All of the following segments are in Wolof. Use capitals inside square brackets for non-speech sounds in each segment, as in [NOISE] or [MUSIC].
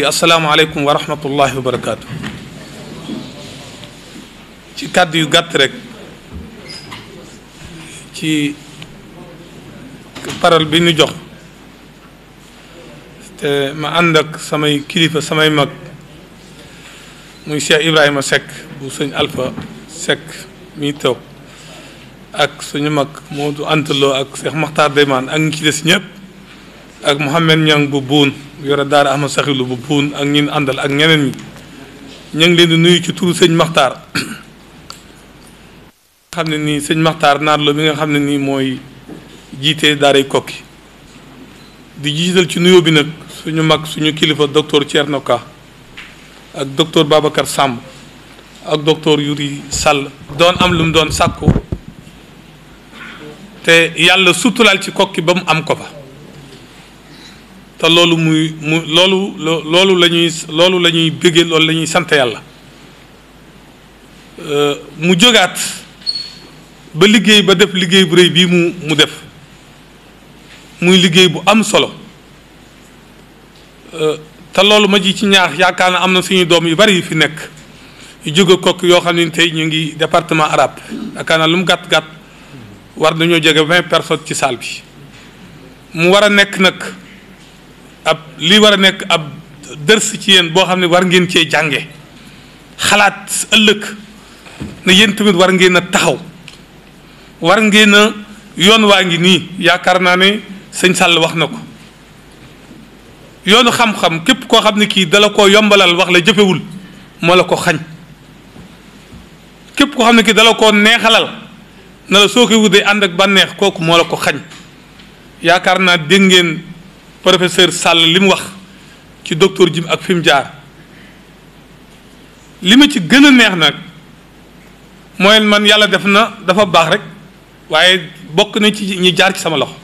asalaamaaleykum wa rahmatullahi wa barakaatu ci kàddu yu gàtt rek ci paral bi ñu jox te ma ànd samay kilifa samay mag muy Cheikh Ibrahima Seck bu sëñ Alpha Seck mi toog ak suñu mag Modou Anta ak Cheikh Makhtar Deyman ak ñi ci des ñëpp ak Mouhamed Niang bu buun yore daara Ahmad Saxilu bu buun ak ñin àndal ak ñeneen ñi ñu ngi leen di nuyu ci turu sëñ Maxtaar xam ne nii sëñ maxtar Maxtaar naatlo bi nga xam ne nii mooy jiite daaray kokki di jiital ci nuyoo bi nag ñu mag suñu kilifa docteur Thierno Ka ak docteur Babacar Samb ak docteur Yuri sàll doon am lu mu doon sàkku te yàlla suturaal ci kokki ba mu am ko fa te loolu muy mu loolu loolu la ñuy loolu la ñuy bëggee loolu la ñuy sant yàlla euh, mu jógaat ba liggéey ba def liggéey bu rëy bii mu mu def muy liggéey bu am solo euh, te loolu ma ji ci ñaax yaakaar na am na suñu doom yu bari yu fi nekk yu jóge kokk yoo xam ne tey ñu ngi département arab yaakaar na lu mu gàtt gàtt war nañoo jóge vingt personnes ci salle bi mu war a nekk nag. ab li war a nekk ab dërs ci yéen boo xam ne war ngeen cee jànge xalaat ëllëg ne yéen tamit war ngeen a taxaw war ngeen yoon waa ngi nii yaakaar naa ne sëñ Sall wax na ko yoonu xam-xam képp koo xam ne kii dala koo yombalal wax la jëfewul moo la ko xañ képp koo xam ne kii dala koo neexalal na la soo koy wut day ànd ak bànneex kooku moo la ko xañ yaakaar naa dégg professeur sàll li mu wax ci docteur Jim ak fi mu jaar li ma ci gën a neex nag mooy man yàlla def na dafa baax rek waaye bokk na ci ñi jaar ci sama loxo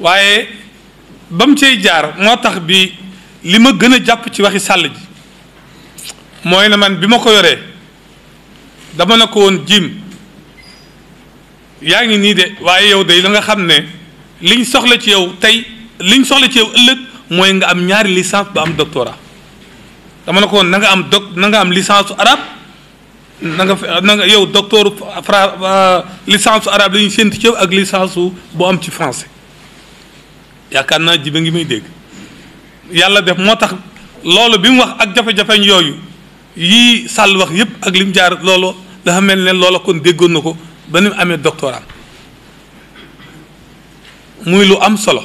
waaye ba mu cay jaar moo tax bi li ma gën a jàpp ci waxi sàll ji mooy na man bi ma ko yoree dama ne ko woon Jim yaa ngi nii de waaye yow de la nga xam ne liñ soxla ci yow tey liñ soxla ci yow ëllëg mooy nga am ñaari licence ba am doctorat dama ne ko woon na nga am doc nanga am licence su arabe na nga na nga yow docteur fra euh, licence su arabe la ñu séntu ci yow ak licence su boo am ci français yaakaar naa ji ngi muy dégg yàlla def moo tax loolu bi mu wax ak jafe-jafeñ yooyu yii sàll wax yëpp ak li mu jaar loolu dafa mel ne loola kon déggoon na ko ba ni mu amee doctorat muy lu am solo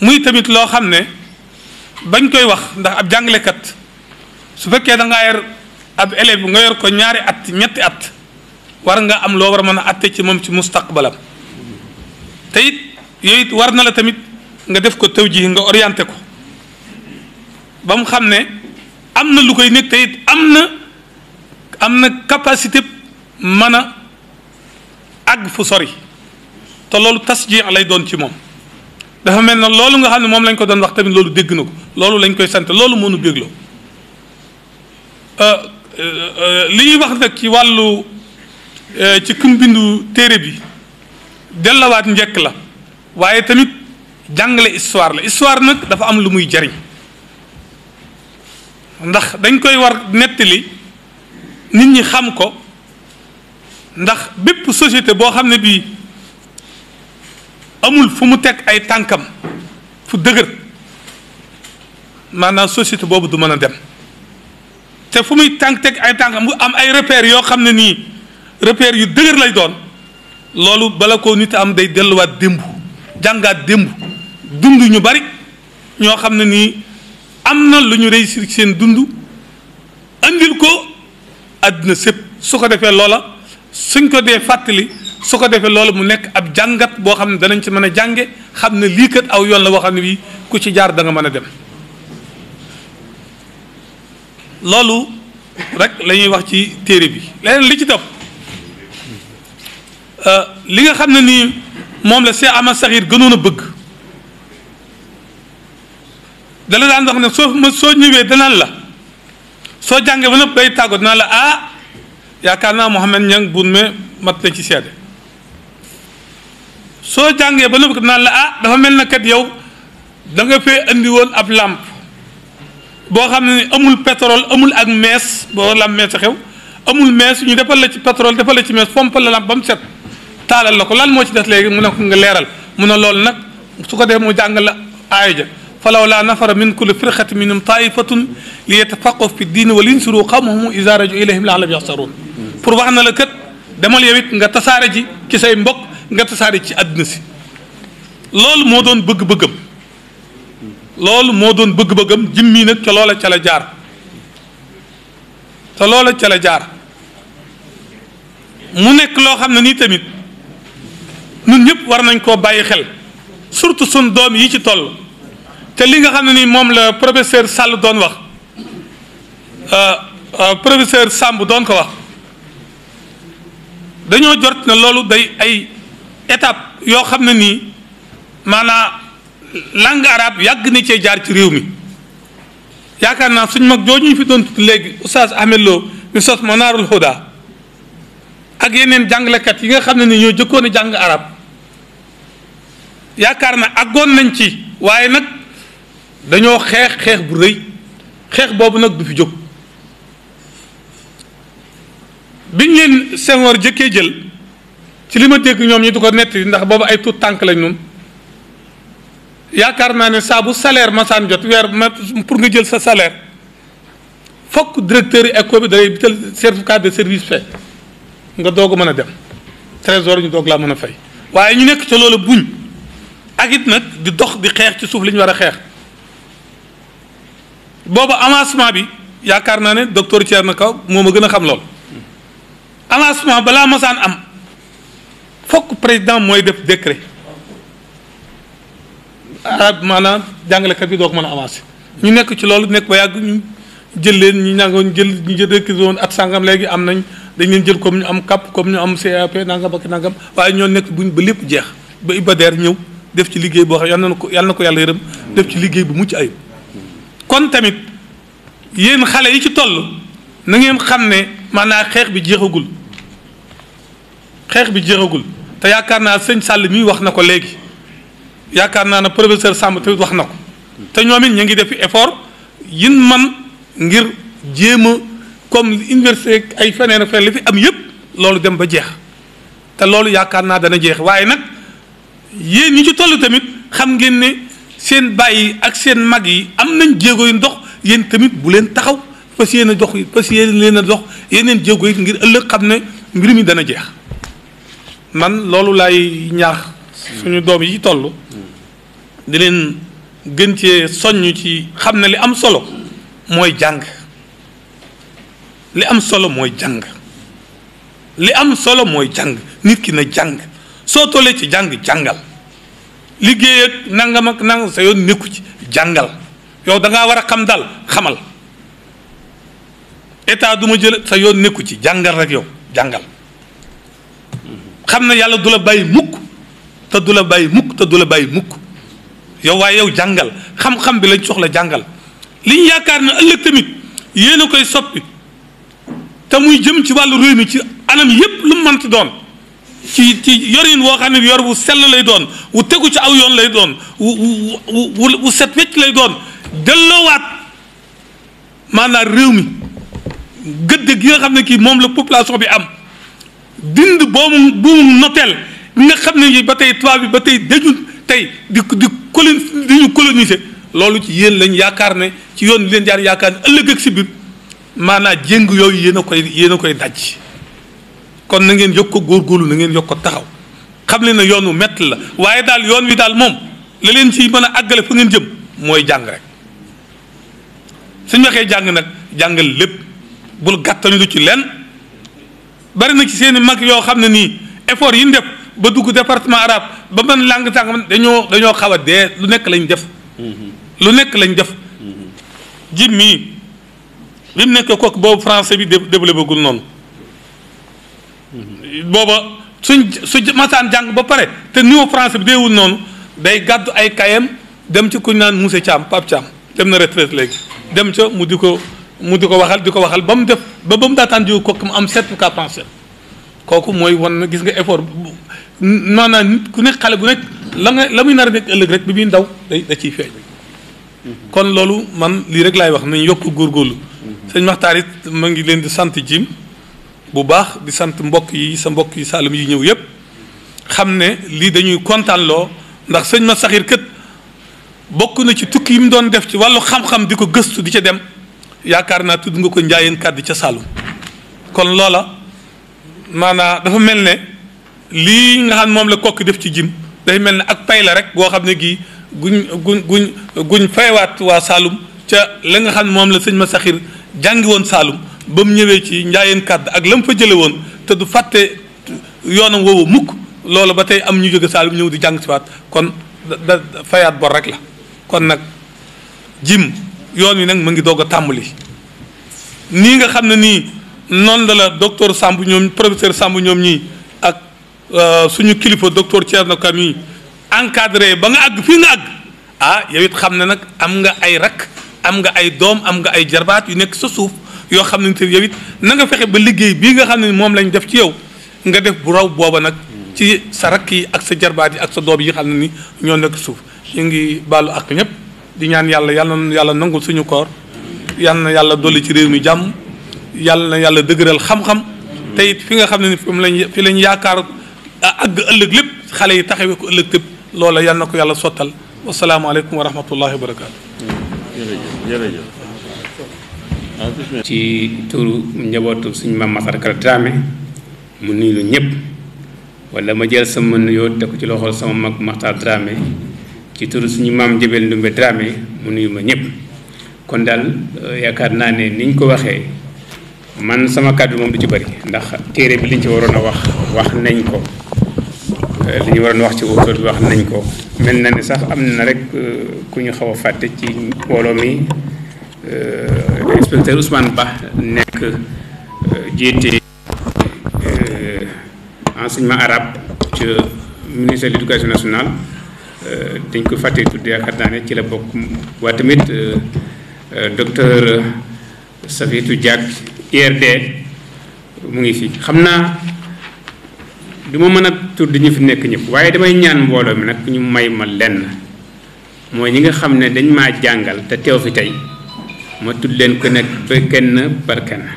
muy tamit loo xam ne bañ koy wax ndax ab jàngalekat su fekkee da ngaa yor ab élève nga yor ko ñaari at ñetti at war nga am loo war a mën a atte ci moom ci mustaqbalam te it yooyu it war na la tamit nga def ko tew ji nga orienté ko ba mu xam ne am na lu koy nekk te am na am na capacité mën a àgg fu sori te loolu jii tasji lay doon ci moom dafa mel na loolu nga xam ne moom lañ ko doon wax tamit loolu dégg na ko loolu lañ koy sant loolu mënu bégloo euh, euh, li ñuy wax nag ci wàllu euh, ci kum bindu téere bi dellowaat njëkk la waaye tamit jàngale histoire la histoire nag dafa am lu muy jariñ ndax dañ koy war nettali nit ñi xam ko ndax bépp société boo xam ne bii amul fu mu teg ay tànkam fu dëgër maanaam société boobu du mën a dem te fu muy tànk teg ay tànkam bu am ay repères yoo xam ne nii repères yu dëgër lay doon loolu bala ko nit am day delluwaat démb jàngaat démb dund ñu bari ñoo xam ne nii am na lu ñu réussir seen dund andil ko àddina sépp su ko defee loola suñ ko dee fàttali su ko defee loolu mu nekk ab jàngat boo xam ne danañ ci mën a jànge xam ne lii kat aw yoon la boo xam ne bii ku ci jaar da mën a dem loolu rek lañuy wax ci téere bi leneen li ci topp euh, li nga xam ne nii moom la am a Saxiir gënoon a bëgg dala daan wax ne soo soo ñëwee danaan la soo jàngee ba nëpp day tàggoo danaan la ah yaakaar naa Mouhamed Niang buun me mat na ci seede soo jàngee ba noppi naa la ah dafa mel na kat yow da nga fee andi woon ab làmp boo xam ne amul pétrole amul ak mees boo lam mees a xew amul mees ñu defal la ci pétrole defal la ci mees fompal la làmp ba mu set taalal la ko lan moo ci def léegi mun ne ko nga leeral mu ne loolu nag su ko defee mu jàngal la aaya ja falawlaa nafara min kulli firqatin minhum taifatun li yatafaqahu fi diin wa linsuru qawmahum iza raju ilayhim la'allahum yaxsaruun pour wax na la kat demal nga tasaare ji ci say mbokk nga tasaare ci àdduna si loolu moo doon bëgg-bëggam loolu moo doon bëgg-bëggam jimmi nag ca loola ca la jaar te loola ca la jaar mu nekk loo xam ne nii tamit ñun ñëpp war nañ koo bàyyi xel surtout suñ doom yi ci toll te li nga xam ne nii moom la professeur Sall doon wax euh, euh, professeur Samb doon ko wax dañoo jort ne loolu day ay étape yoo xam ne nii maanaa langue arabe yàgg na cee jaar ci réew mi yaakaar naa suñ mag jooju ñu fi doon tudd léegi oustaz Ahmed Lo mi sos Manaarul Huda ak yeneen jàngalekat yi nga xam ne ni ñoo jëkkoon a jàng arab yaakaar na ak àggoon nañ ci waaye nag dañoo xeex xeex bu rëy xeex boobu nag du fi jóg biñ leen sengoor jëkkee jël ci li ma dégg ñoom ñi du ko netti ndax boobu ay tuut tànk lañ ñun yaakaar naa ne saabu bu salaire masaan jot weer ma pour nga jël sa salaire fokk directeur yi école bi dalay bital certificat de service fait nga doog mën a dem trésor ñu doog laa mën a fay waaye ñu nekk sa loolu buñ ak it nag di dox di xeex ci suuf lañu war a xeex booba avancement bi yaakaar naa ne docteur na kaw moo ma gën a xam lool avancement balaa masaan am fokk président mooy def décret arab maanaam jàngalekat bi doo ko mën a avancé ñu nekk ci loolu nekk ba yàgg ñu jël leen ñu nangoon jël ñu jël récusé woon ak sangam léegi am nañ dañ leen jël comme ñu am kàpp comme ñu am CAP nangam ak nangam waaye ñoo nekk buñ ba lépp jeex ba Ibader ñëw def ci liggéey boo xam yal na ko yal ko yàlla yërëm def ci liggéey bu mucc ayib kon tamit yéen xale yi ci toll na ngeen xam ne maanaam xeex bi jeexagul. xeex bi jeexagul te yaakaar naa sëñ sàll mii wax na ko léegi yaakaar naa ne professeur Samb tamit wax na ko te ñoom it ñu ngi def effort yin man ngir jéem comme université ay feneen ak feneen li fi am yëpp loolu dem ba jeex te loolu yaakaar naa dana jeex waaye nag yéen ñu ci toll tamit xam ngeen ne seen bàyyi ak seen mag yi am nañ jéego yu ndox yéen tamit bu leen taxaw fas yéen a dox fas yéen leen a dox yeneen jéego yi ngir ëllëg xam ne mbir mi dana jeex. man loolu laay ñaax suñu doom yi toll di leen gën cee soññ ci xam ne li am solo mooy jàng li am solo mooy jàng li am solo mooy jàng nit ki na jàng soo tollee ci jàng jàngal liggéey nanga nangam nanga sa yoon nekku ci jàngal yow da ngaa war a xam daal xamal état duma jël sa yoon nekku ci jàngal rek yow jàngal xam na yàlla du la bàyyi mukk te du la bàyyi mukk te du la bàyyi mukk yow waaye yow jàngal xam-xam bi lañ soxla jàngal liñ yaakaar na ëllëg tamit yéen a koy soppi te muy jëm ci wàllu réew mi ci anam yépp lu mu mënti doon ci ci yorin woo xam ne yor wu sell lay doon wu tegu ci aw yoon lay doon wu wu set wecc lay doon delloowaat maanaam réew mi gëdd gi nga xam ne kii moom la population bi am. dind boobu buumum noteel nga xam ne ba tey tubaab bi ba tey dëjul tey di di colon di loolu ci yéen lañ yaakaar ne ci yoon leen jaar yaakaar ne ëllëg ak si biir maanaa jéng yooyu yéen a koy yéen a koy daj kon na ngeen yokk ko góor na ngeen yokk ko taxaw xam leen na yoon wu mett la waaye daal yoon wi daal moom la leen ci mën a àggale fa ngeen jëm mooy jàng rek suñ waxee jàng nag jàngal lépp bul gàttañu lu ci lenn bari na ci seen mag yoo xam ne nii effort yi ñu def ba dugg département arabe ba man langue tàng dañoo dañoo xaw a dee lu nekk lañ def. Mm-hmm. lu nekk lañu def. Mm-hmm. jib mii bi mu nekk kooku boobu français bi développé gul noonu. Mm-hmm. booba suñ su masaan jàng ba pare te niveau français bi deewul noonu day gàddu ay kayam dem ci kuñ naan monsieur Thiam Pape Thiam dem na retraite léegi dem ca mu di ko mu di ko waxal di ko waxal ba mu def ba ba mu daataan jiw kooku mu am certificat français kooku mooy wan na gis nga bu maanaam nit ku nekk xale bu nekk la la muy nar a nekk ëllëg rek bi muy ndaw day da ciy feeñ. kon loolu man lii rek laay wax nañu yokk góorgóorlu. sëñ Maxtaar it ma ngi leen di sant jim bu baax di sant mbokk yi sa mbokk yi Saalum yi ñëw yëpp xam ne lii dañuy kontaan loo ndax sëñ ma saxir kët bokk na ci tukki yi mu doon def ci wàllu xam-xam di ko gëstu di ca dem. yaakaar naa tudd nga ko njaayeen kàdd ca Saalum kon loola maanaa dafa mel ne lii nga xam moom la kokki def ci jim day mel ne ak pay la rek goo xam ne gii guñ guñ guñ guñ faywaat waa Saalum ca la nga xam ne moom la sëñ ma saxir jàngi woon Saalum ba mu ñëwee ci njaayeen kàdd ak la mu fa jële woon te du fàtte yoonam woowu mukk loolu ba tey am ñu jóge Saalum ñëw di jàng si waat kon da fayaat bor rek la kon nag jim yoon wi nag mu ngi doog a tàmbali nii nga xam ne nii noonu la la Samb ñoom professeur Samb ñoom ñii ak euh, suñu kilifa docteur Thierno Kami encadré ba nga àgg fii nga àgg ah yow it xam ne nag am nga ay rak am nga ay doom am nga ay jarbaat yu nekk sa suuf yoo xam ne te yow it na nga fexe ba liggéey bii nga xam ne moom lañ def ci yow nga def bu raw booba nag ci sa rakk yi ak sa jarbaat yi ak sa doom yi xam ne nii ñoo nekk suuf ñu ngi baalu ak ñëpp. di ñaan yàlla yàlla na yàlla suñu koor yàlla na yàlla dolli ci réew mi jàmm yàlla na yàlla dëgëral xam-xam te fi nga xam ne ni fi lañ fi lañ yaakaar àgg ëllëg lépp xale yi taxawee ko ëllëg tëb loola yàlla na ko yàlla sottal wasalaamaaleykum wa rahmatullahi wa barakaatu. ci turu njabootu suñu maam Matar Kala Dramé mu nuyu ñëpp wala ma jël sama nuyoo teg ko ci loxol sama mag Matar Dramé. ci turu ñu maam Jabel Ndumbe Dramé mu nuyu ma ñëpp kon daal euh, yaakaar naa ne niñ ko waxee man sama kàddu moom du ci bari ndax téere bi liñ ci waroon a wax wax nañ ko euh, li ñu waroon wax ci auteur bi wax nañ ko mel na ne sax am na rek euh, ku ñu xaw a fàtte ci mbooloo mi inspecteur Ousmane Ba nekk jiite enseignement arabe ci ministère de l'éducation nationale Euh, dañ ko fàtte tudd yaakaar naa ne ci la bokk waa tamit euh, euh, docteur Safiatou Diack IRD mu ngi fi xam naa du ma mën a tudd ñu fi nekk ñëpp waaye damay ñaan mbooloo mi nag ñu may ma lenn mooy ñi nga xam ne dañ maa jàngal te teew fi tey ma tudd leen ko nekk ba kenn par kenn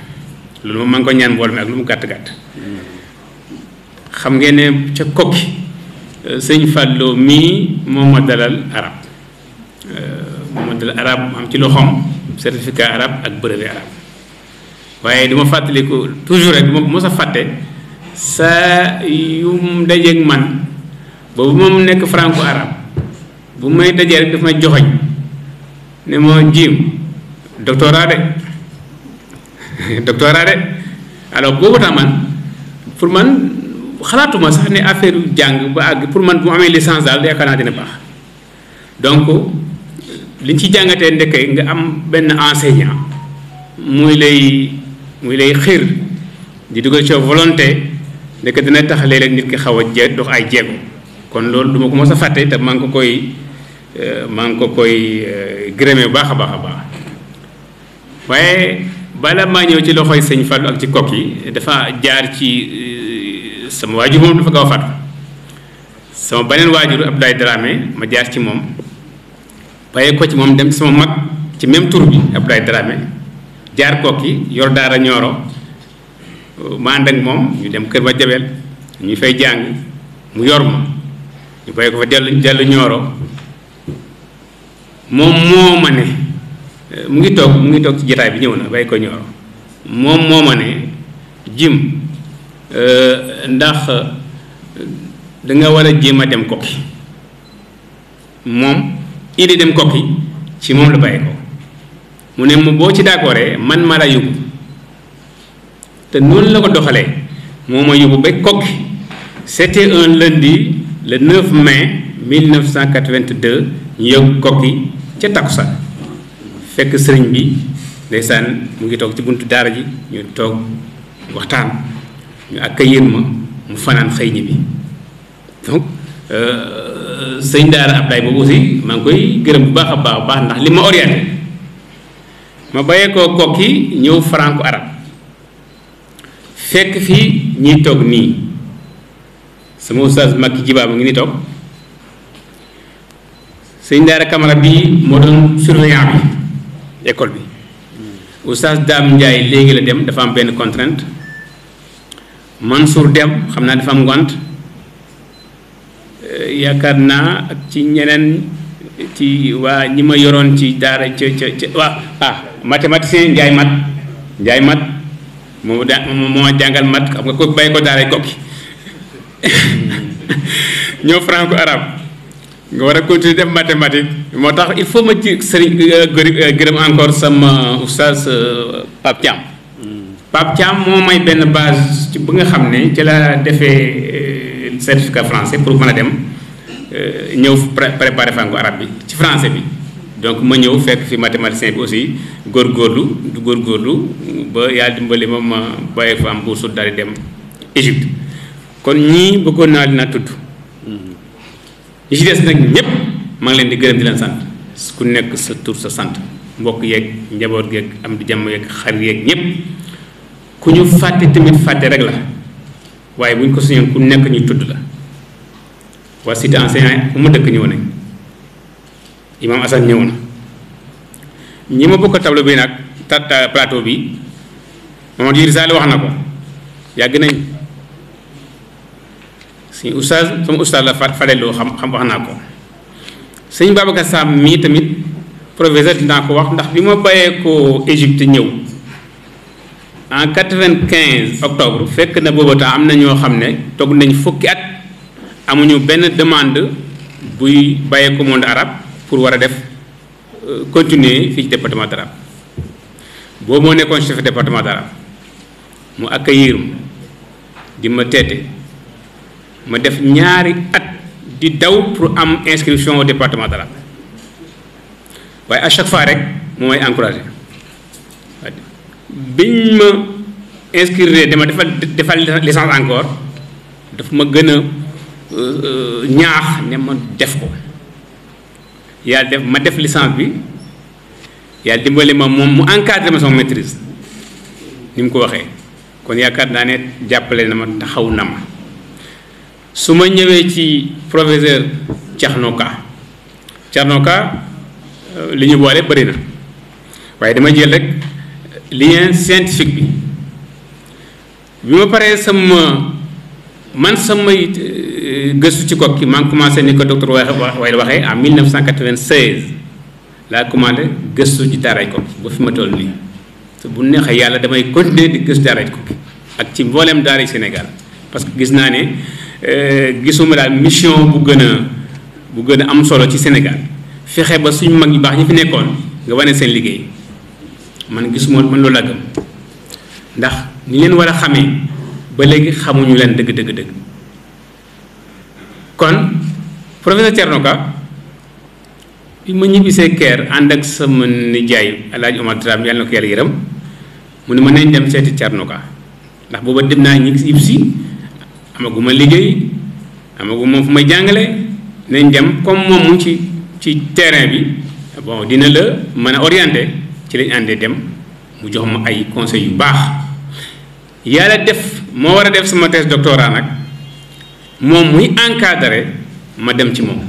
loolu ma maa ko ñaan mbooloo mi ak lu mu gàtt gàtt mm. xam ngeen ca kokki Euh, sëñ Fallou mii moo ma dalal arab euh, moo ma dalal arab am ci loxoom certificat arabe ak brevet arabe waaye du ma fàttaliku toujours rek du ma mos a fàtte saa yum man boobu moom nekk franco arabe bu may dajee rek daf may joxoñ ne moo jiim doctorat de [LAUGHS] doctorat de alors boobu tax man pour man xalaatuma sax ne affaire jàng ba àgg pour man bu amee licence daal yaakaar naa dina baax donc li ci jàngatee ndekkee nga am benn enseignant muy lay muy lay xiir di dugal ci volonté ndeke dina tax léeg-léeg nit ki xaw a je dox ay jéego kon loolu duma ko mos a fàtte te maa ko koy euh, maa ngi ko koy euh, gërëmee baax a baax a baax waaye bala maa ñëw ci loxoy sëñ Fallou ak ci kok yi dafa jaar ci euh, sama waajur moom dafa gaaw faatu sama beneen waajur Abdoulaye Dramé ma jaar ci moom bàyyi ko ci moom dem ci sama mag ci même tur bi Abdoulaye Dramé jaar kooki yor daara ñooro ma ànd ak moom ñu dem kër ma jabel ñu fay jàng mu yor ma ñu bàyyi ko fa dellu dellu ñooro moom moo ma ne mu ngi toog mu ngi toog ci jataay bi ñëw na bàyyi ko ñooro moom moo ma ne jim Euh, ndax euh, danga war a jéem a dem kokki moom idée dem kokki ci moom la bàyyi ko mu ne boo ci d'accordee man maa la yóbbu te noonu la ko doxalee moo ma yóbbu ba kokki c'était un lundi le 9 mai 1982 ñu yóbbu kokki ca sax fekk sëriñ bi ndeysaan mu ngi toog ci buntu daara ji ñu toog waxtaan ñu accueillir ma mu fanaan xëy bi donc euh, sëñ daara Ablaye boobu aussi maa ngi koy gërëm bu baax a baax baax ndax li ma orienté ma bàyyee koo kokki ñëw franco arabe fekk fii ñiy toog nii sama oustaz Makki Jiba mu ngi ni toog sëñ daara Camara bii moo doon surveillant bi école bi oustaz Dame Ndiaye léegi la dem dafa am benn contrainte Mansour Dem xam naa dafa am ngont eh, yaakaar naa ci ñeneen ci waa ñi ma yoroon ci daara ca ca ca waa ah mathématicien Njaay Mat Njaay Mat moo da moo jàngal mat xam nga ko bàyyi ko daara kokki [LAUGHS] ñoo franco arabe nga war a continuer def mathématique moo tax il faut ma ci sëriñ eh, gërëm encore sama oustaz eh, Pape Pape Thiam moo may benn base ci bu nga xam ne ci la defee euh, certificat français pour mën a dem euh, ñëw préparé franco arab bi ci français bi donc ma ñëw fekk fi mathématicien bi aussi góorlu du góor góorgóorlu ba yaa dimbali ma ma bàyyi fa am bourse daal di dem Égypte kon ñii bëggoon naa dina tudd ñi ci des nag ñëpp maa ngi leen di gërëm di leen sant ku nekk sa tur sa sant mbokk yeeg njaboot yeeg am di jàmm yeeg xar yeeg ñëpp ku ñu fàtte tamit fàtte rek la waaye bu ñu ko suñoon ku nekk ñu tudd la waa cité enseignant bu ma dëkk ñëw nañ imaam Assane ñëw na ñi ma bokk tableau bi nag tata plateau bi Mamadou Yuri Sall wax na ko yàgg nañ suñu oustaz sama oustaz la Fadel xam xam wax naa ko sëñ Babacar Sam mii tamit professeur dinaa ko wax ndax bi ma bàyyee ko Égypte ñëw en quatre-vingt-quinze octobre fekk na booba temps am na ñoo xam ne toog nañ fukki at amuñu benn demande buy bàyyee ko monde pour war a def euh, continuer fii ci département d'arabe boobu moo nekkoon chef département d'arabe mu accueillir ma di ma teete ma def ñaari at di daw pour am inscription au département d'arabe waaye à chaque fois rek mu may encourager biñ ma inscrire dama defal defal licence encore dafa ma gën a euh, euh, ñaax ne ma def ko yàlla def ma def licence bi yàlla dimbali ma moom mu encadré ma sama maîtrise ni mu ko waxee kon yaakaar naa ne jàppale na ma taxaw na ma su ma ñëwee ci professeur Thierno Ka euh, li ñu boole bëri na waaye dama jël rek lien scientifique bi bi ma paree sama man samay euh, gëstu ci kokki maa ngi commencé ni ko docteur waxe way waxee en 1996 laa commandé gëstu ci daaray kokki ba fi ma toll nii te bu neexee yàlla damay continuer di gëstu daaray kokki ak ci mbooleem daaray Sénégal parce que gis naa ne euh, gisuma daal mission bu gën a bu gën a am solo ci Sénégal fexe ba suñu mag yu baax ñi fi nekkoon nga wane seen liggéey man gisuma man loolu laa gëm ndax ni leen war a xamee ba léegi xamuñu leen dëgg dëgg dëgg kon professeur Thierno Ka bi ma ñibbisee keer ànd ak sama nijaay Alaaji Omar Dramé yàlla na ko yàlla yërëm mu ne ma nañ dem seeti Thierno Ka ndax booba dem naa ñi ngi si amaguma liggéey amaguma fu may jàngale nañ dem comme moom mu ci ci terrain bi bon dina la mën a orienté ci lañ àndee dem mu jox ma ay conseils yu baax yàlla def moo war a def sama thèse doctorat nag moom muy encadré ma dem ci moom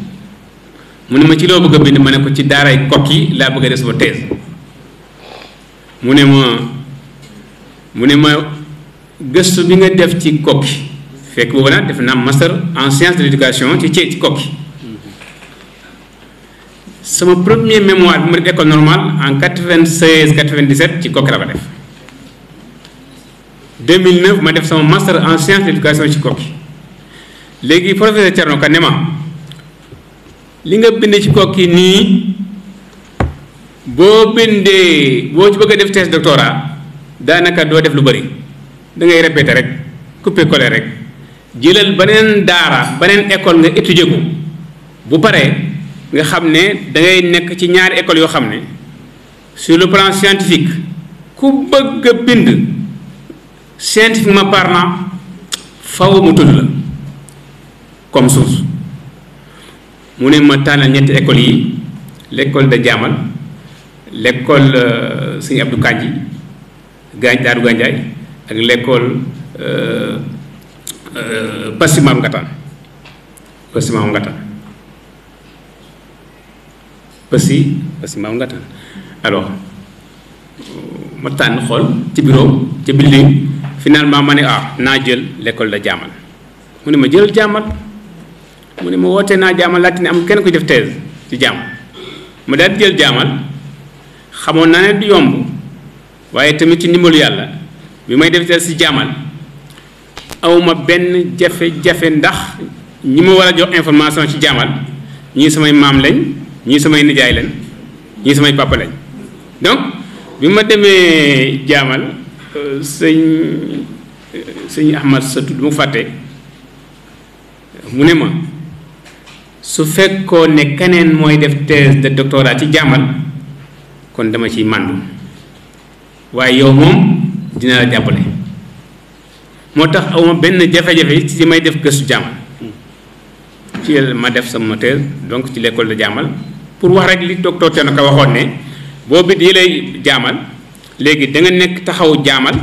mu ne ma ci loo bëgg a bind ma ne ko ci daaray kokk yi laa bëgg a def sama thèse mu ne ma mu ne ma gëstu bi nga def ci kokki fekk boobu nag def naa master en sciences de l'éducation ci ci kokki sama premier mémoire bi ma def école normale en 96 97 ci kokki la ko def 2009 ma def sama master en sciences de l'éducation ci Koki léegi professeur Thierno Ka ne ma li nga bind ci Koki nii boo bindee boo ci bëgg a def thèse doctorat daanaka doo def lu bëri dangay ngay rek coupé collé rek jëlal beneen daara beneen école nga étudier ko bu paree nga xam ne da ngay nekk ci ñaari école yoo xam ne sur le plan scientifique ku bëgg a bind. scientifiquement parlant faw mu tudd la comme source mu ne ma tànnal ñetti écoles yi lekkool da Jaamal l'école euh, Sëñ Abdou Kandji Gaañ Daaru Gànjaay ak l'école Passy euh, euh, Maam Ngataan Passy Maam Ngataan Passy Passy Maam Ngataan alors ma tànn xool ci bureau ci building finalement ma ne ah naa jël lekkool la jaamal mu ne ma jël jaamal mu ne ma wootee naa jaamal laajte ne am kenn ko def thèse ci jaamal ma daal jël jaamal xamoon naa ne du yomb waaye tamit ci ndimbalu yàlla bi may def thèse ci jaamal awma benn jafe-jafe ndax ñi ma war a jox information ci jaamal ñii samay maam lañ ñii samay nijaay leen ñii samay papa lañ donc bi ma demee jaamal sëñ señ Ahmad sa tudd mu fàtte mu ne ma su fekkoo ne keneen mooy def thèse de doctorat ci jàmmal kon dama ci màndu waaye yow moom dina la jàppale moo tax awma benn jafe-jafe ci may def gëstu jàmmal ci ma def sa thèse donc ci lekkool de jàmmal pour wax rek li docteur Thiano Ka waxoon ne boo bit yi lay léegi da nekk taxaw jaamal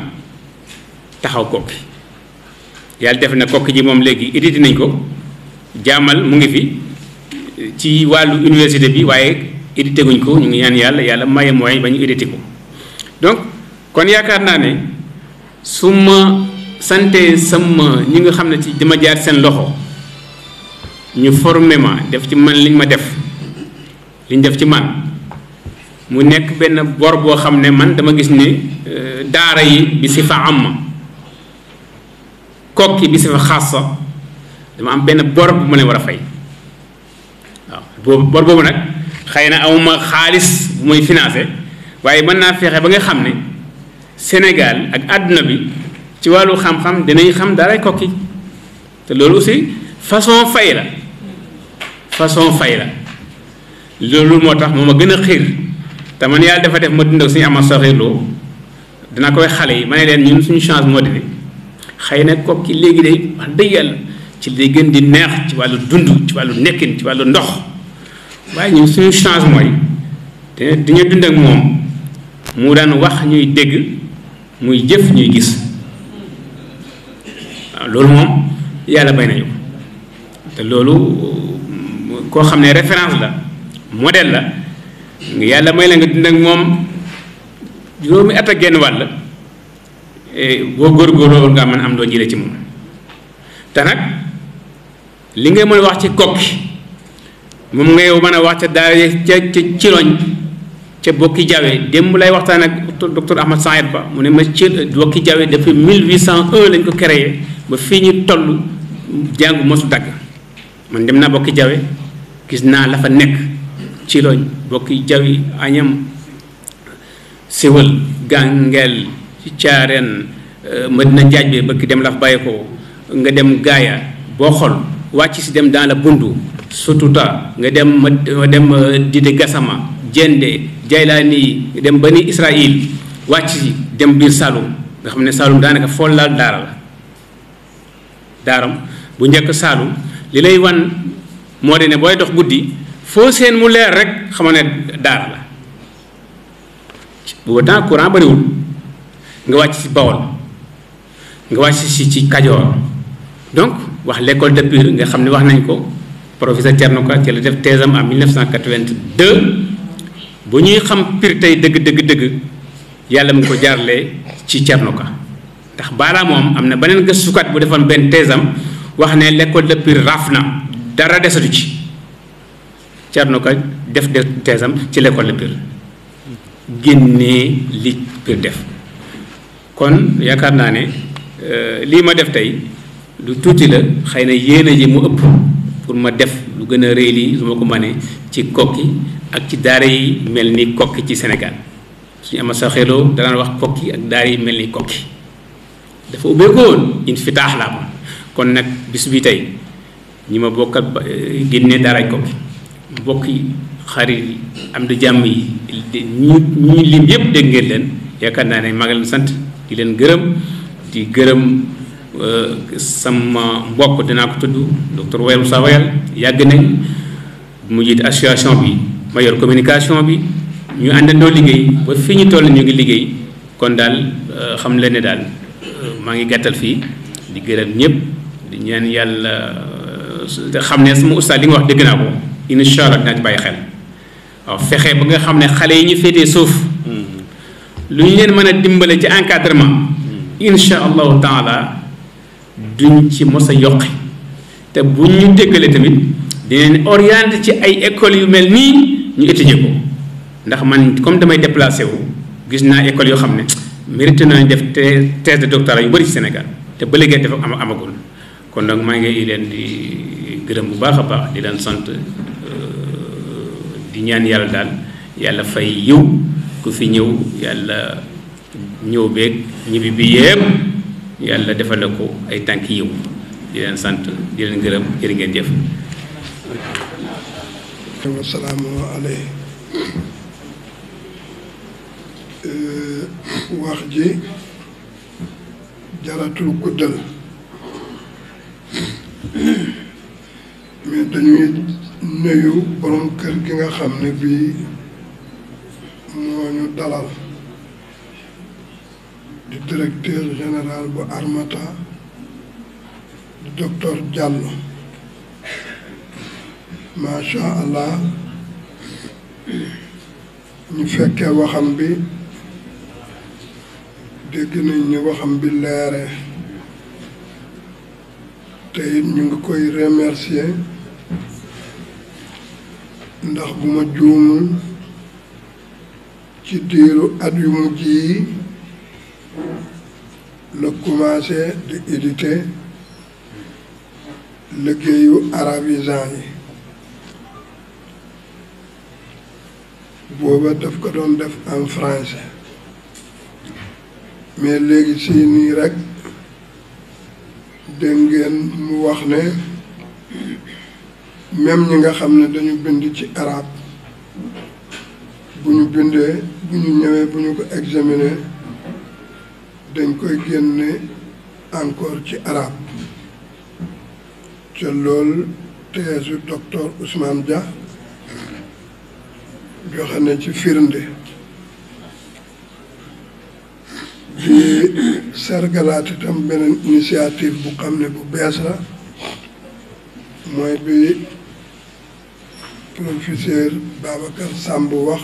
taxaw kokki yàlla def na kokki ji moom léegi édité nañ ko jaamal mu ngi fi ci wàllu université bi waaye édité guñ ko ñu ngi ñaan yàlla yàlla maye mooy ba ñu édité ko donc kon yaakaar naa ne su ma sante sama ñi nga xam ne ci dama jaar seen loxo ñu formé def ci man liñ ma def liñ def ci man mu nekk benn bor boo xam ne man dama gis ne euh, daara yi bi si fa am ma kokki bi si fa xaasa dama am benn bor bu ma leen war a fay waaw boobu boobu nag xëy na amuma xaalis bu may financé waaye mën naa fexe ba nga xam ne Sénégal ak àddina bi ci wàllu xam-xam dinañ xam daaray kokki te loolu aussi façon fay la façon fay la loolu moo tax moo ma gën a xiir te man yàlla dafa def ma dund ak suñu ama soxirloo dina koy xale yi ma ne leen ñun suñu chance moo di ne xëy na kook ki léegi day wax dëgg yàlla ci lay gën di neex ci wàllu dund ci wàllu nekkin ci wàllu ndox waaye ñun suñu chance mooy te dañu dund ak moom mu daan wax ñuy dégg muy jëf ñuy gis waaw loolu moom yàlla bay nañu ko te loolu koo xam ne référence la modèle la yàlla may la nga dund moom moom juróomi at a genn wàll e, boo góorgóorloo woon nga man am loo jëlee ci moom te nag li ngay mën a wax ci kokki moom ngay mën a wax ca daara ca ca ciroñ ca bokki jawe démb lay waxtaan ak docteur Ahmad Saïd Ba mu ne ma ci bokki jawe depuis 1801 lañ ko créé ba fii ñu toll jàngu masu dagg man dem naa bokki jawe gis naa la fa nekk ciloñ bokki jawi añam siwal gàngeel caareen euh, Madina njaaj bi bëkki dem la fa bàyyi ko nga dem gaaya boo xol wàcc si dem daana la bundu sututa nga dem ma dem euh, dide gasama jende jaylaani dem ba ni Israël wàcc si dem biir Saloum nga xam ne Saloum daanaka fool laal daara la daaram bu njëkk Saloum li lay wan moo di ne booy dox guddi foo seen mu leer rek xamal ne daara la booba temps courant bariwul nga wàcc ci Bawol nga wàcc ci ci Kajoor donc wax l'école de Pire nga xam ne wax nañ ko professeur Thierno Ka ci la def thèse am en 1982 bu ñuy xam Pire tey dëgg dëgg dëgg yàlla mu ko jaarlee ci Thierno Ka ndax baala moom am na beneen gëstukat bu defoon benn thèse wax ne l'école de Pire raaf na dara desatu ci Thierno Ka def de teesam ci l'école de Pire génnee li Pire def kon yaakaar naa ne euh, lii ma def tey lu tuuti la xëy na yéene ji mu ëpp pour ma def lu gën a rëy lii su ma ko mënee ci kokki ak ci daara yi mel ni kokki ci Sénégal suñu ama sa xeloo danaan wax kokki ak daara yi mel ni kokki dafa ubbeekoo woon in fi taax kon nag bis bi tey ñu ma bokk ak euh, génne daaraay kokki bokki xarit yi am di jàmm yi ñu ñu lim yëpp dégg ngeen leen yaakaar naa ne maa ngi leen sant di leen gërëm di gërëm euh, sama mbokk dinaa ko tudd docteur Wayel Moussa Wayel yàgg nañ mu jiit association bi ma communication bi ñu àndandoo liggéey ba fii ñu toll ñu ngi liggéey kon daal euh, xam leen ne daal euh, maa ngi gàttal fii di gërëm ñëpp di ñaan yàlla xam ne sama ustaas li nga wax dégg naa ko incha allah dina ci bàyyi xel waaw fexe ba nga xam ne xale yi ñu féetee suuf lu ñu leen mën a dimbale ci encadrement incha allahu taala duñ ci mos a te bu ñu déggalee tamit dinañ orienté ci ay écoles yu mel nii ñu étudier ko ndax man comme damay déplacé wu gis naa école yoo xam ne mérité nañ def thèse de doctorat yu bëri ci Sénégal te ba léegi dafa am amagul kon donc maa ngi leen di gërëm bu baax a baax di leen sant. di ñaan yàlla daal yàlla fay yiw ku fi ñëw yàlla ñëw beeg ñibbi bi yépp yàlla defal ko ay tànk yiw di leen sant di leen gërëm jërë ngeen jëf wax ji jaratul guddal [COUGHS] mais dañuy nuyu borom kër gi nga xam ne bii moo ñu dalal di directeur général bu Armata di docteur Diallo macha allah ñu fekkee waxam bi dégg nañ ni waxam bi leere te it ñu ngi koy remercier. ndax bu ma juumul ci diiru at yu mujj yi la commencé di éditer liggéeyu arabisant yi booba daf ko doon def en français mais léegi si nii rek dégg ngeen mu wax ne même ñi nga xam ne dañu bind ci arab bu ñu bindee bu ñu ñëwee bu ñu ko examiner dañ koy génne encore ci arab te lool teesu docteur Ousmane Dia joxe na ci firnde di sargalaat itam beneen initiative bu xam ne bu bees la mooy bi professeur Babacar Samb wax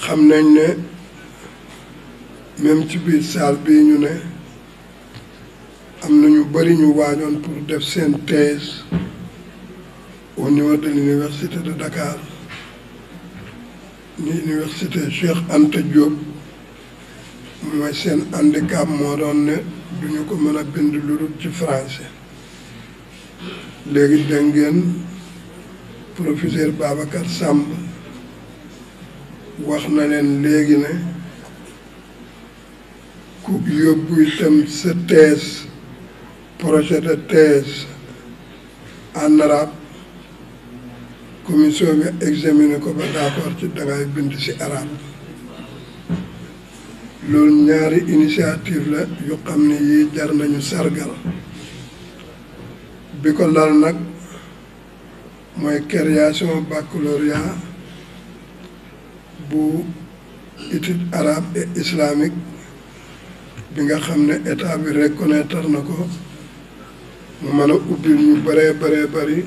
xam nañ ne même ci biir salle bi ñu ne am na ñu bari ñu waajoon pour def seen thèse au de l'université de Dakar ni université Cheikh Anta Diop mooy seen handicap moo doon ne duñu ko mën a bind lu dul ci français léegi dégg ngeen professeur Babacar Samb wax na leen léegi ne ku yóbbu itam sa thèse projet de thèse en arabe commission bi examiner ko ba d'accord ci dangay bind ci arabe loolu ñaari initiative la yu xam ne yii jar nañu sargal bi ko lal nag mooy création baccalauréat bu iti arabe et islamique bi nga xam ne état bi reconnaître na ko mu mën ubbi ñu bëree bëree bari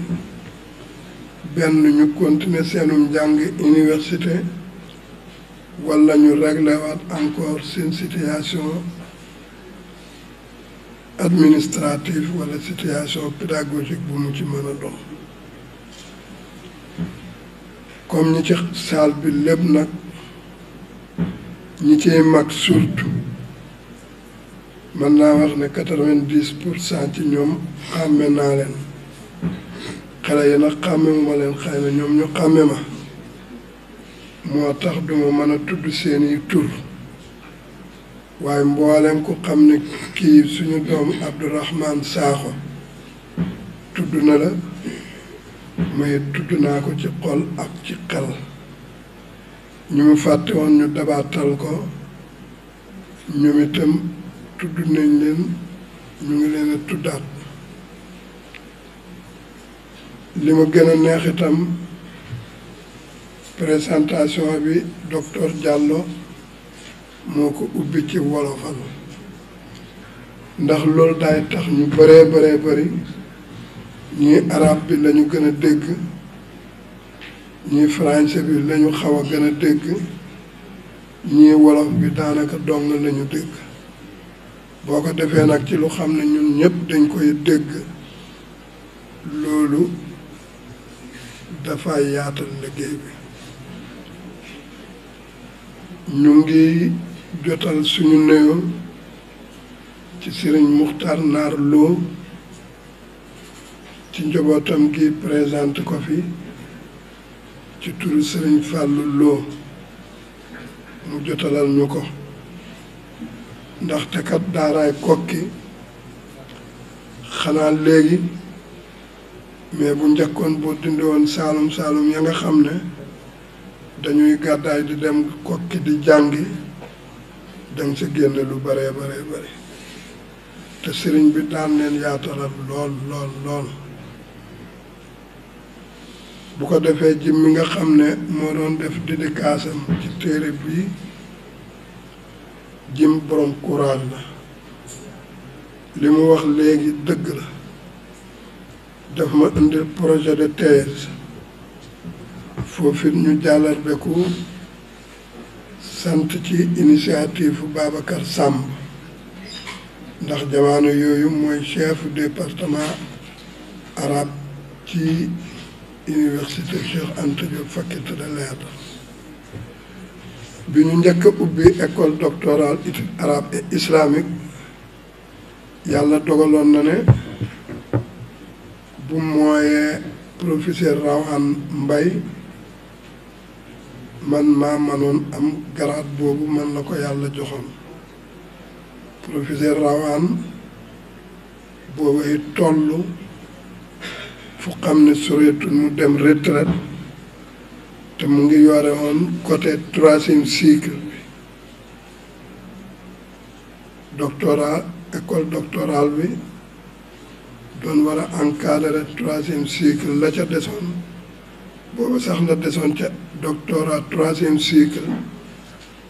benn ñu continuer seenu njàng université wala ñu régler waat encore seen situation administrative wala situation pédagogique bu mu ci mën a doon comme ñi ci saal bi lépp nag ñi ciy mag surtout mën naa wax ne quatre vingt cent ci ñoom xàmme naa leen xale yi nag xàmme ma leen xëy na ñoom ñu xàmme ma moo tax duma mën a tudd seeni tur waaye mboolem ku xam ne kii suñu doom Abdourahman Sakho tudd na la may tudd naa ko ci xol ak ci xel ñu mu fàtte woon ñu dabatal ko ñoom itam tudd nañ leen ñu ngi leen tuddaat li ma gën a neex itam présentation bi docteur jàlloo moo ko ubbi ci wolofam ndax loolu daay tax ñu bare bare bari ñii arab bi lañu gën a dégg ñii français bi lañu xaw a gën a dégg ñii wolof bi daanaka dong lañu dégg boo ko defee nag ci lu xam ne ñun ñëpp dañ koy dégg loolu dafay yaatal liggéey bi ñu ngi jotal suñu nuyoo ci sëriñ Muxtaar Naar Lo ci njabootam gi présenté ko fi ci turu sëriñ Fàllu Lo mu jotalal ñu ko ndaxte kat daaraay kokki xanaa léegi mais bu njëkkoon boo dindi woon saalum saalum ya nga xam ne dañuy gàddaay di dem kokki di jàngi danga ci génne lu bëree bëree bëri te sëriñ bi daan leen yaatalal lool lool lool bu ko defee jëm mi nga xam ne moo doon def dédicace ci téere bi jëm borom courage la li mu wax léegi dëgg la daf ma indil projet de thèse foofu it ñu jàllale sant ci initiative Babacar Samb ndax jamono yooyu mooy chef département arabe ci université Cheikh Anta faculté de lettres bi ñu njëkk a ubbi école doctorale études arabes islamique yàlla dogaloon na ne bu mooyee professeur Rawane Mbaye man maa manoon am garaat boobu man la ko yàlla joxoon professeur rawaan ay toll fu xam ne soreetul mu dem retraite te mu ngi yore woon côté troisième cycle bi doctorat école doctorale bi doon war a encadrer troisième cycle la ca desoon boobu sax la desoon ca doctorat troisième cycle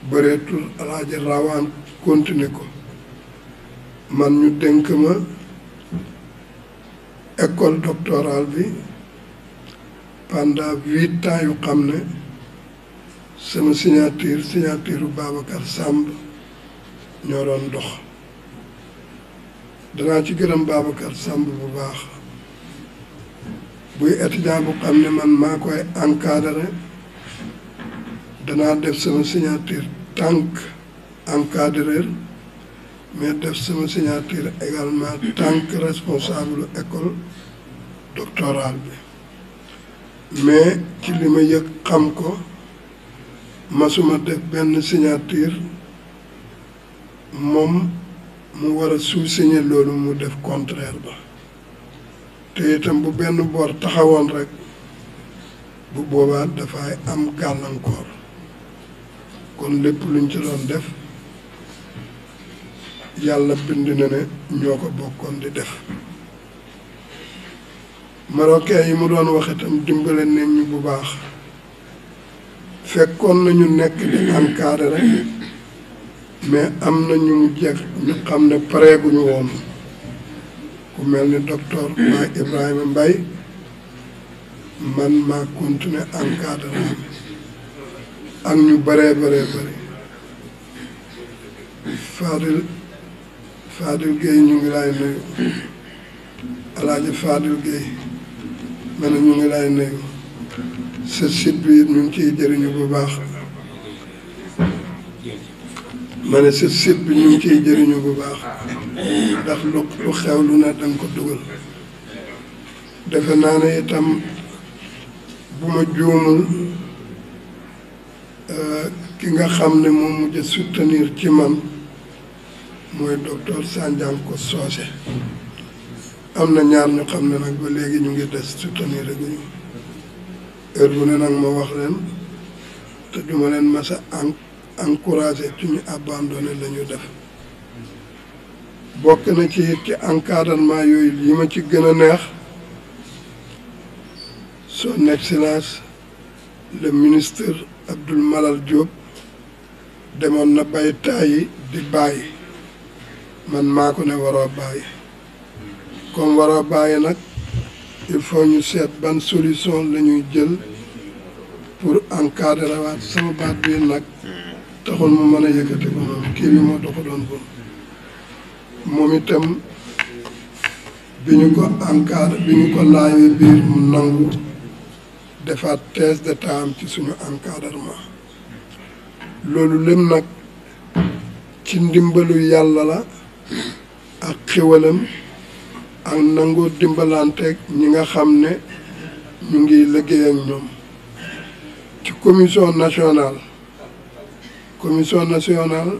bëreetul alaaji rawaan continuer ko man ñu dénk ma école doctorale bi pendant huit ans xam ne sama signature signature Babacar Samb ñoo doon dox danaa ci gërëm Babacar Samb bu baax buy étudiant bu xam ne man maa koy encadré danaa def sama signature tànk encadreur mais def sama signature également tànk responsable école doctorale bi mais ci li ma yëg xam ko masuma def benn signature moom mu war a sous-signer loolu mu def contraire ba te itam bu benn boor taxawoon rek bu boobaat dafay am gàllankoor kon lépp luñ ci doon def yàlla bind na ne ñoo ko bokkoon di def marocain yi mu doon wax itam dimbale nañ ñu bu baax fekkoon nañu nekk di encadré rek mais am na ñu mu jeg ñu xam ne pareeguñu woon ku mel ni doktoor Baye Ibrahima Mbaye man maa continuer encadré ak ñu bëree bëree bëri Fadil Fadil géey ñu ngi lay nuyu Alaaji Fadil Gueye mane ne ñu ngi lay nuyu sa site bi ñu ngi ciy jëriñu bu baax ma ne sa bi ñu ngi ciy jëriñu bu baax ndax lu lu xew lu ne danga ko dugal defe naa ne itam bu ma juumul ki nga xam ne moom mujj soutenir ci man mooy docteur Sandianko Socé am na ñaar ñu xam ne nag ba léegi ñu ngi des soutenir ak ñu heure ne nag ma wax leen te duma leen mas a encouragé ci ñu abandonné la ñu def bokk na ci ci encadrement yooyu yi ma ci gën a neex son excellence le ministre Abdoul Malal Diop demoon na bay taayi di bàyyi man maa ko ne waroo bàyyi comme waroo bàyyi nag il faut ñu seet ban solution la ñuy jël pour encadrer waat sama baat bi nag taxul mu mën a yëkkati ko moom kii bi moo doxu doon bon moom itam bi ñu ko encadre bi ñu ko laajee biir mu nangu defaat thèse de temps ci suñu encadrement loolu lépp nag ci ndimbalu yàlla la ak xéwalam ak nangoo dimbalanteeg ñi nga xam ne ñu ngi liggéey ak ñoom ci commission nationale commission nationale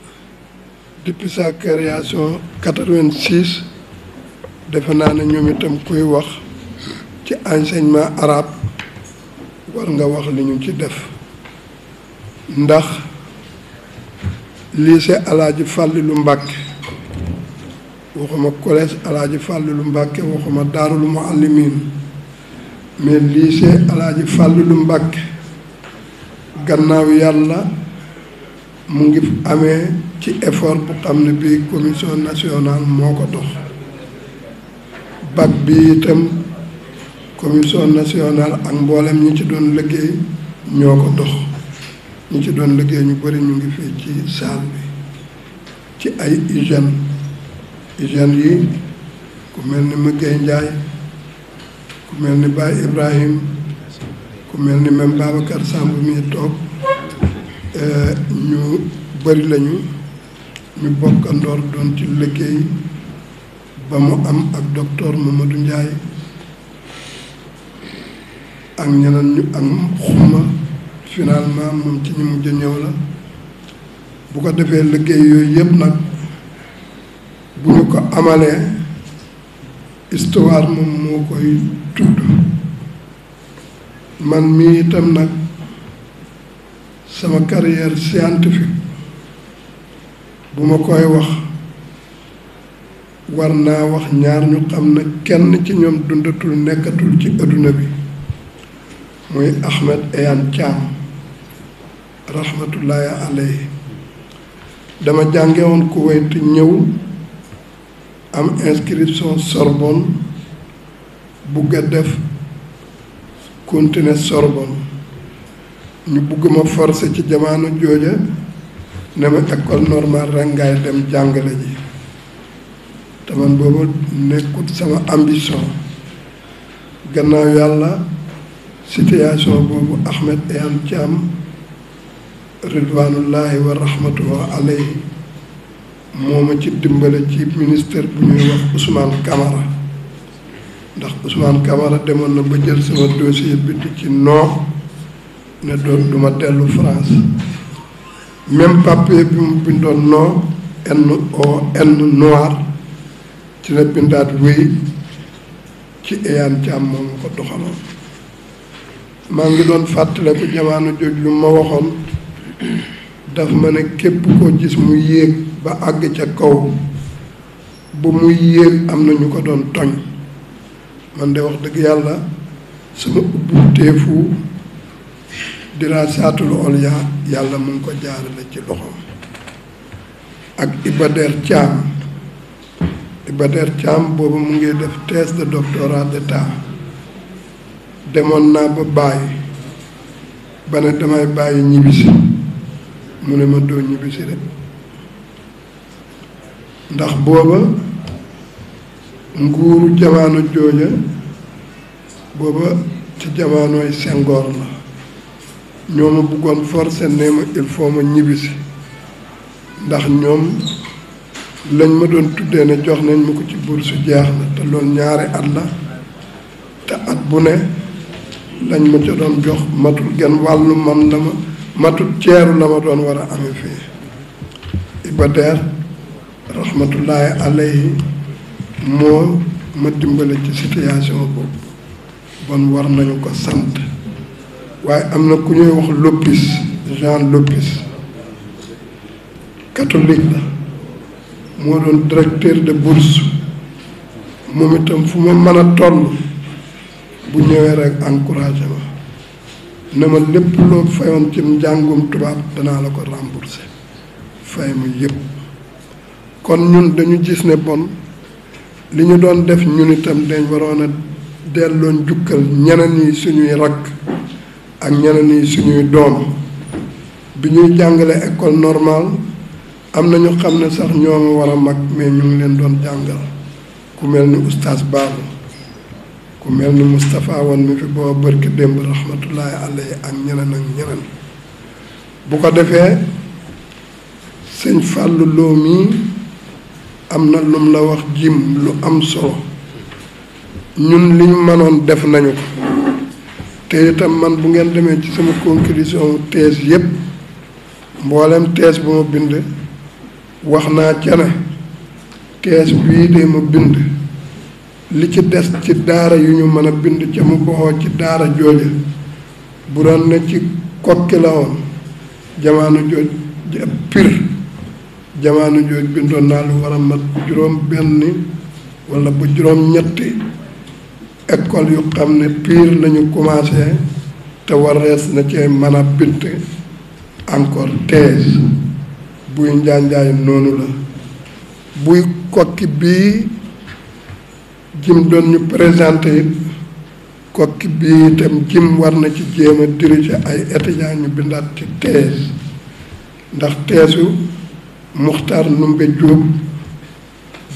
depuis sa création quatre vingt defe naa ne ñoom itam kuy wax ci enseignement arabe war nga wax li ñu ci def ndax lycée alaaji fàllilu mbàkke waxuma collège alaaji fàllilu mbàkke waxuma daarul muallimin mais lycée alaaji fàllilu mbàkke gannaaw yàlla mu ngi amee ci effort bu xam ne bii commission national moo ko dox bac bi itam commission nationale ak mboolem ñi ci doon liggéey ñoo ko dox ñu ci doon liggéey ñu bari ñu ngi fii ci saal bi ci ay hygiène hygiène yi ku mel ni Mëggey Njaay ku mel ni Baye Ibrahim ku mel ni même Babacar Samb mi toog eh, ñu bari lañu ñu bokk doon ci liggéey ba mu am ak docteur Mamadou njaay ak ñeneen ñu am xuma finalement moom ci ñu mujj ñëw la bu ko defee liggéey yooyu yëpp nag bu ñu ko amalee histoire moom moo koy tudd man mii itam nag sama carrière scientifique bu ma koy wax war naa wax ñaar ñu xam ne kenn ci ñoom dundatul nekkatul ci adduna bi muy Ahmed Eyane Thiam rahmatullahi alayhi dama jànge woon Kuwait ñëw am inscription Sorbonne bugg a def continuer Sorbonne ñu bugg ma forcé ci jamono jooja ne ma école normale rek ngay dem jàngale ji te man booba nekkut sama ambition gannaaw yàlla situation boobu Ahmed ci am ridwanullahi wa rahmatuhu alayhi moo ma ci dimbale ci ministère bu ñuy wax Ousmane Camara ndax Ousmane Camara demoon na ba jël sama dossier bi ci noo ne doon du dellu France même papier bi mu bindoon noo NON noir ci la bindaat wéy ci Eyane Thiam moo ma ko doxaloon maa ngi doon fàttale ko jamaano jooju lu ma waxoon daf ma ne képp koo gis mu yéeg ba àgg ca kaw ba muy yéeg am na ñu ko doon toñ man de wax dëgg yàlla sama ubbu teefu dira saatul olya yàlla mun ngi ko jaarale ci loxoom ak Ibader Thiam Ibader Thiam boobu mu ngi def thèse de doctorat demoon naa ba bàyyi ba ne damay bàyyi ñibbisi mu ne ma doo ñibbisi de ndax booba nguuru jamono jooja booba ci jamonoy Senghor la ñoo ma bëggoon forcé ne ma il faut ma ñibbisi ndax ñoom lañ ma doon tuddee ne jox nañ ma ko ci bourse jeex na te loolu ñaari at la te at bu ne lañ ma ca doon jox matul genn wàllu man la ma matut ceeru la ma doon war a ame fii Iba Der rahmatullahi moo ma dimbale ci situation boobu bon war nañu ko sant waaye am na ku ñuy wax Lopis Jean Lopis catholique la moo doon directeur de bourse moom itam fu ma mën a toll bu ñëwee rek encouragé ma ne ma lépp loo fayoon ci njàngum tubaab danaa la ko rembourser fay ma yëpp kon ñun dañu gis ne bon li ñu doon def ñun itam dañ waroon a delloon jukkal ñeneen yi suñuy rakk ak ñeneen yi suñuy doom bi ñuy jàngale école normale am na ñu xam ne sax ñoo ma war a mag mais ñu ngi leen doon jàngal ku mel ni oustaz Babou ku mel ni Moustapha wan mi fi boo bërki démb rahmatullahi alayhi ak ñeneen ak ñeneen bu ko defee sëñ Fàllu Loo mii am na lum la wax jim lu am solo ñun li ñu mënoon def nañu ko te itam man bu ngeen demee ci sama conclusion thèse yépp mboolem thèse bu ma bind wax naa ca ne thèse bii de ma bind li ci des ci daara yu ñu mën a bind ci mu boxoo ci daara jooja bu doon ci kokki la woon jamaano jooj pir jamaano jooj bindoon naa lu war bu mat juróom benn wala bu juróom ñetti école yu xam ne pire lañu commencé te warees na cee mën a bind encore thèse buy njaanjaay noonu la buy kokki bii jim doon ñu présenté it kokki bii itam jim war na ci jéem a diriger ay étudiants ñu bindaat ci thèse ndax teesu Muxtaar Numbe Jóob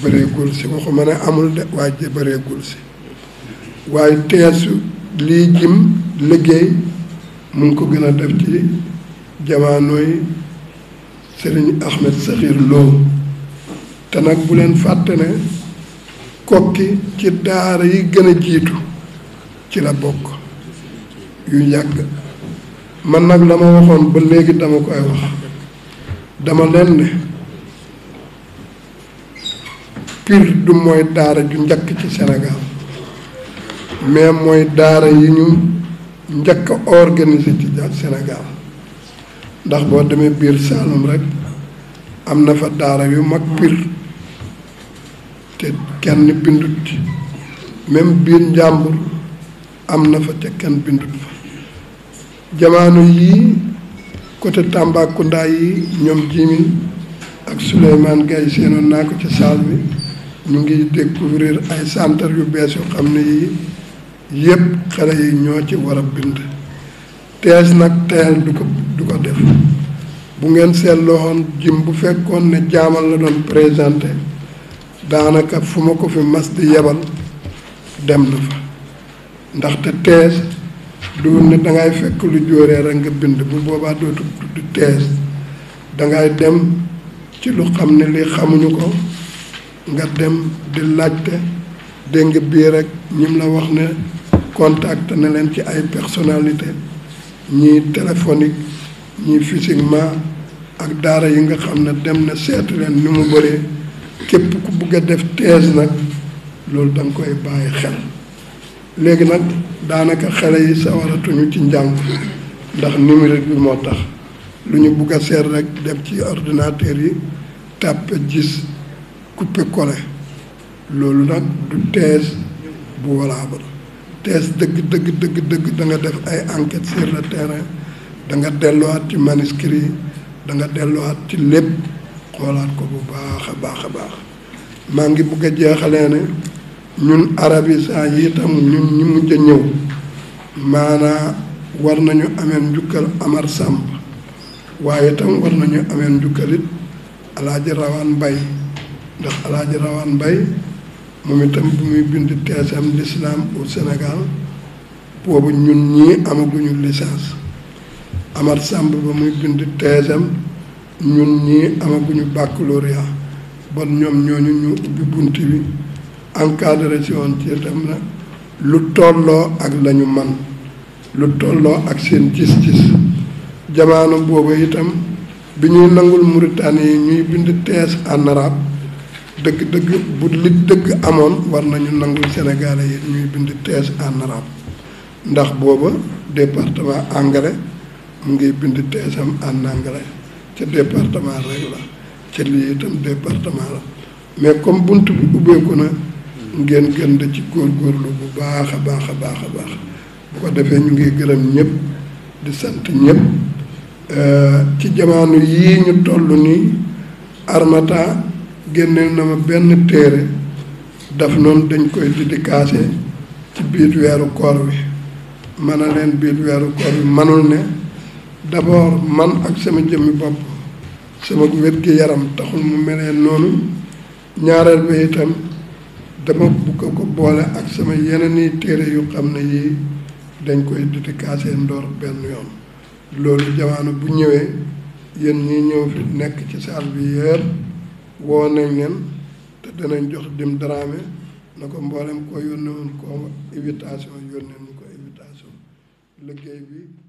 bëreegul si waxuma ne amul de waaye ji bëreegul si waaye teesu lii jim liggéey mu ngi ko gën a def ci jamaanooy Sëriñ Ahmed Saxiir Lo te nag bu leen fàtte ne kokki ci daara yi gën a jiitu ci la bokk yu yàgg man nag la ma waxoon ba léegi dama koy wax dama leen ne Pire du mooy daara ju njëkk ci Sénégal mais mooy daara yi ñu njëkk a organisé ci Sénégal ndax boo demee biir Saalum rek am na fa daara yu mag Pire te kenn bindut ci même biir njàmbur am na fa te kenn bindut fa jamaano yii côté Tambacounda yi ñoom jimin ak Souleymane Gaye seenoon naa ko ci saal bi ñu ngi découvrir ay centre yu bees yoo xam ne yii yëpp xale yi ñoo ci war a bind tees nag teel du ko du ko def bu ngeen seet woon jim bu fekkoon ne jaamal la doon présenté daanaka fu ma ko fi mas di yebal dem na fa ndaxte thèse du ne dangay fekk lu jóoree rek nga bind bu boobaa dootu du thèse dangay dem ci lu xam ne li xamuñu ko nga dem di laajte dégg bii rekk ñim la wax ne contact na leen ci ay personnalité ñii téléphonique ñii physiquement ak daara yi nga xam ne dem na seetu leen ni mu bëree képp ku bugg a def thèse nag loolu da nga koy bàyyi xel léegi nag daanaka xale yi sawaratuñu ci njàngu ndax numérique bi moo tax lu ñu bugg a seet rek dem ci ordinateur yi tàppe jis couper coller loolu nag du thèse bu valable thèse dëgg dëgg dëgg dëgg da nga def ay enquête sur le terrain da nga delluwaat ci manuscrit da nga delluwaat ci lépp xoolaat ko bu baax a baax a baax maa ngi bugg a jeexalee ne ñun arabisant yi itam ñun ñi mujj a ñëw maanaa war nañu ameen njukkal Amar Samb waaye itam war nañu ameen njukkal it alaaji rawaan mbay ndax alaaji rawaan mbay moom itam bu muy bind teesam l'islam au Sénégal boobu ñun ñii amaguñu licence Amar Samb ba muy bind teesam ñun ñii amaguñu baccalauréat bon ñoom ñooñu ñu ubbi bunt bi encadré si woon ci itam na lu tolloo ak lañu man lu tolloo ak seen gis-gis jamono boobu itam bi ñuy nangul Mauritanie yi ñuy bind thèse en dëgg-dëgg bu lit dëgg amoon war nañu nangul Sénégalais yi ñuy bind thèse en arabe ndax booba département anglais mu ngi bind thèse am ca département rek la ca lii itam département la mais comme bunt bi ubbeeku na ngeen gën da ci góorgóorlu bu baax a baax a baax a baax bu ko defee ñu ngi gërëm ñëpp di sant ñëpp euh, ci jamaanu yii ñu toll nii Harmattan génneel na ma benn téere daf noonu dañ koy dédicacé ci biir weeru koor wi mën a leen biir weeru koor wi manul ne d'abord man ak sama jëmmi bopp sama wér-gi-yaram taxul mu melee noonu ñaareel ba itam dama bugg ko boole ak sama yeneen i téere yu xam ne yi dañ koy dédicacé ndoor benn yoon loolu jamono bu ñëwee yéen ñi ñëw fi nekk ci salle bi yéer woo nañ leen te danañ jox dim daraame na ko mboolem ko yónne woon ko invitation yónne ñu ko invitation liggéey bi